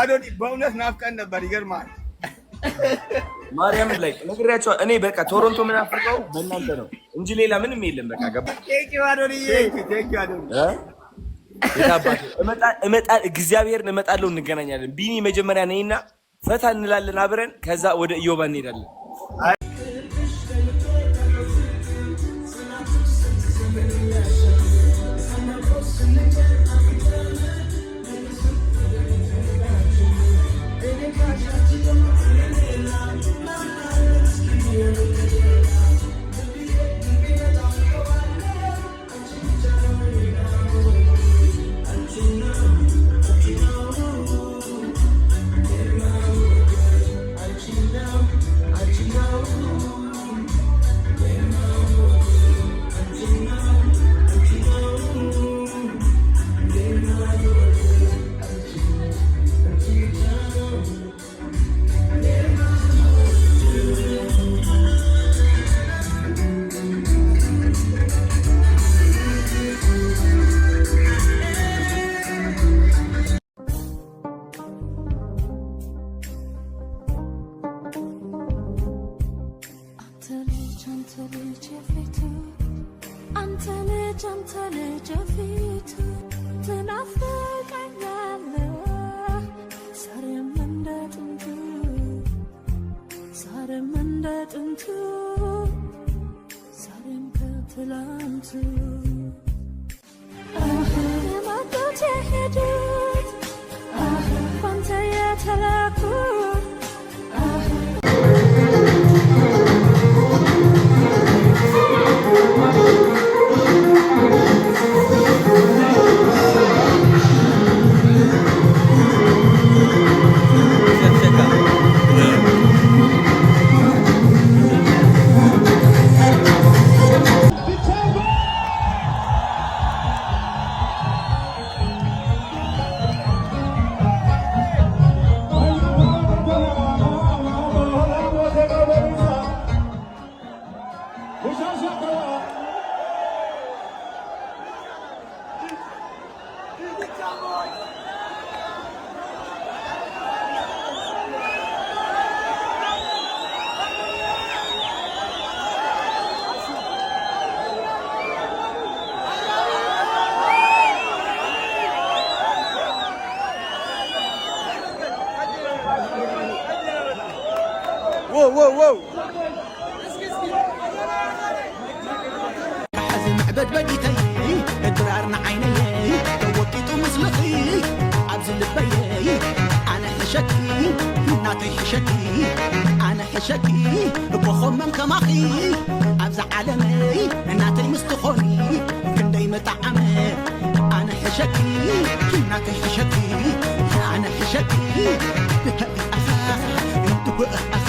አዶኒ በእውነት ናፍቀን ነበር። ይገርማል። ማርያም ላይ ነግሬያቸው እኔ በቃ ቶሮንቶ የምናፍቀው በእናንተ ነው እንጂ ሌላ ምንም የለም። በቃ ገባ እግዚአብሔርን እመጣለሁ፣ እንገናኛለን። ቢኒ መጀመሪያ ነኝና ፈታ እንላለን አብረን፣ ከዛ ወደ ኢዮባ እንሄዳለን። አንተ ልጅ የፊቱ አንተ ልጅ አንተ ልጅ የፊቱ ትናፍቀኛለህ ዛሬም እንደ ጥንቱ ዛሬም እንደ ጥንቱ ዛሬም ከትላንቱ የማጣት የሄዱት ባንተ የተላኩ واو واو واو حزم معبد بديتي حشكي أنا حشكي بخم من كماخي أبز عالمي ناتي مستخوني كندي متعمي أنا حشكي ناتي حشكي أنا حشكي بكأ أساس انتبه أساس